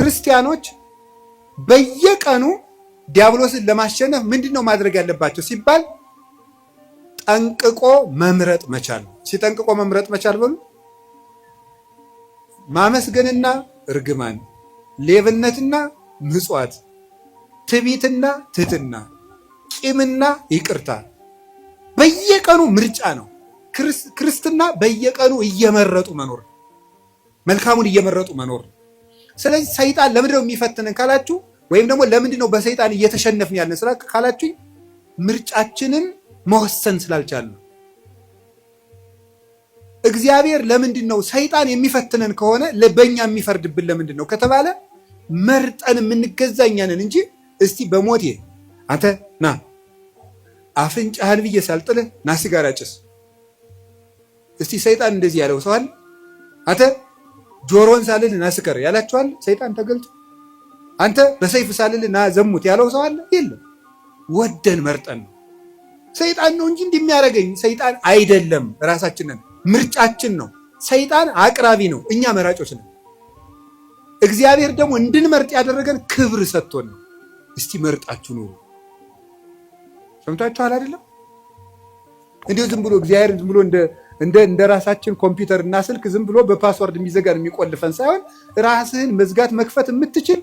ክርስቲያኖች በየቀኑ ዲያብሎስን ለማሸነፍ ምንድን ነው ማድረግ ያለባቸው ሲባል ጠንቅቆ መምረጥ መቻል። ሲጠንቅቆ መምረጥ መቻል በሉ ማመስገንና እርግማን፣ ሌብነትና ምጽዋት፣ ትቢትና ትህትና፣ ቂምና ይቅርታ በየቀኑ ምርጫ ነው። ክርስትና በየቀኑ እየመረጡ መኖር፣ መልካሙን እየመረጡ መኖር ስለዚህ ሰይጣን ለምንድን ነው የሚፈትንን ካላችሁ፣ ወይም ደግሞ ለምንድነው ነው በሰይጣን እየተሸነፍን ያለን ስራ ካላችሁኝ፣ ምርጫችንን መወሰን ስላልቻለ እግዚአብሔር ለምንድን ነው ሰይጣን የሚፈትነን ከሆነ በእኛ የሚፈርድብን ለምንድን ነው ከተባለ መርጠን የምንገዛኛንን እንጂ እስቲ በሞቴ አንተ ና አፍንጫህን ብዬ ሳልጥልህ ና ሲጋራ ጭስ። እስቲ ሰይጣን እንደዚህ ያለው ሰዋል አንተ ጆሮን ሳልል ናስከር ያላችኋል። ሰይጣን ተገልጦ አንተ በሰይፍ ሳልል ና ዘሙት ያለው ሰው አለ? የለም። ወደን መርጠን ነው። ሰይጣን ነው እንጂ እንደሚያደርገኝ ሰይጣን አይደለም። ራሳችንን ምርጫችን ነው። ሰይጣን አቅራቢ ነው፣ እኛ መራጮች ነን። እግዚአብሔር ደግሞ እንድንመርጥ ያደረገን ክብር ሰጥቶን ነው። እስቲ መርጣችሁ ኑሩ። ሰምታችኋል አይደለም? እንዲሁ ዝም ብሎ እግዚአብሔር ዝም ብሎ እንደ እንደ እንደ ራሳችን ኮምፒውተር እና ስልክ ዝም ብሎ በፓስወርድ የሚዘጋን የሚቆልፈን ሳይሆን ራስህን መዝጋት መክፈት የምትችል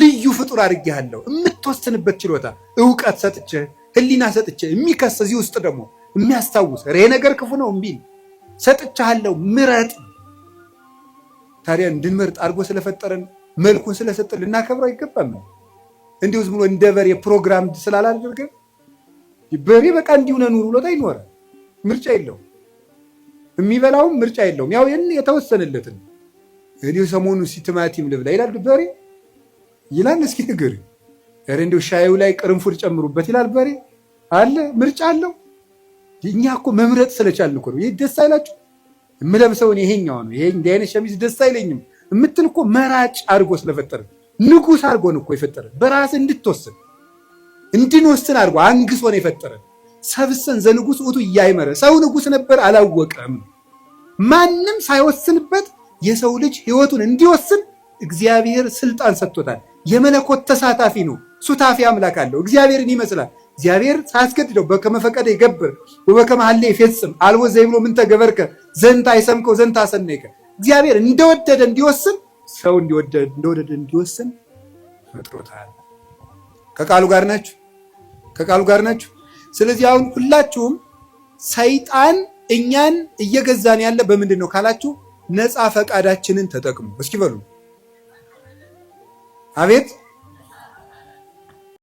ልዩ ፍጡር አድርጌሃለሁ። የምትወስንበት ችሎታ፣ እውቀት ሰጥቼ፣ ህሊና ሰጥቼ የሚከስ እዚህ ውስጥ ደግሞ የሚያስታውስ ሬ ነገር ክፉ ነው የሚል ሰጥቻለሁ። ምረጥ። ታዲያ እንድንመርጥ አድርጎ ስለፈጠረን መልኩን ስለሰጥ ልናከብረው አይገባም። እንዲሁ ዝም ብሎ እንደ በሬ ፕሮግራም ስላላደረገ በሬ በቃ እንዲሁ ብሎት አይኖረም። ምርጫ የለውም። የሚበላውም ምርጫ የለውም። ያው ይህን የተወሰነለትን እንዲሁ ሰሞኑ ሲቲማቲም ልብላ ይላል በሬ ይላል። እስኪ ንገር ረ እንዲሁ ሻዩ ላይ ቅርንፉድ ጨምሩበት ይላል በሬ አለ። ምርጫ አለው። እኛ እኮ መምረጥ ስለቻልን እኮ ነው። ይህ ደስ አይላችሁ? የምለብሰውን ይሄኛው ነው ይሄ እንዲህ አይነት ሸሚዝ ደስ አይለኝም የምትል እኮ መራጭ አድርጎ ስለፈጠረ ንጉሥ አድርጎን እኮ የፈጠረ በራስ እንድትወስን እንድንወስን አድርጎ አንግሶ ነው የፈጠረን። ሰብሰን ዘንጉስ ውእቱ እያይመረ ሰው ንጉስ ነበር አላወቀም። ማንም ሳይወስንበት የሰው ልጅ ህይወቱን እንዲወስን እግዚአብሔር ስልጣን ሰጥቶታል። የመለኮት ተሳታፊ ነው። ሱታፊ አምላክ አለው። እግዚአብሔርን ይመስላል። እግዚአብሔር ሳያስገድደው በከመፈቀደ ይገብር ወበከመ ሀሌ ይፌጽም አልቦ ዘይብሎ ምንተ ገበርከ ዘንታ ይሰምከው ዘንታ ሰነይከ እግዚአብሔር እንደወደደ እንዲወስን ሰው እንደወደደ እንዲወስን ፈጥሮታል። ከቃሉ ጋር ናችሁ። ከቃሉ ጋር ናችሁ። ስለዚህ አሁን ሁላችሁም ሰይጣን እኛን እየገዛን ያለ በምንድን ነው ካላችሁ ነፃ ፈቃዳችንን ተጠቅሙ። እስኪ በሉ አቤት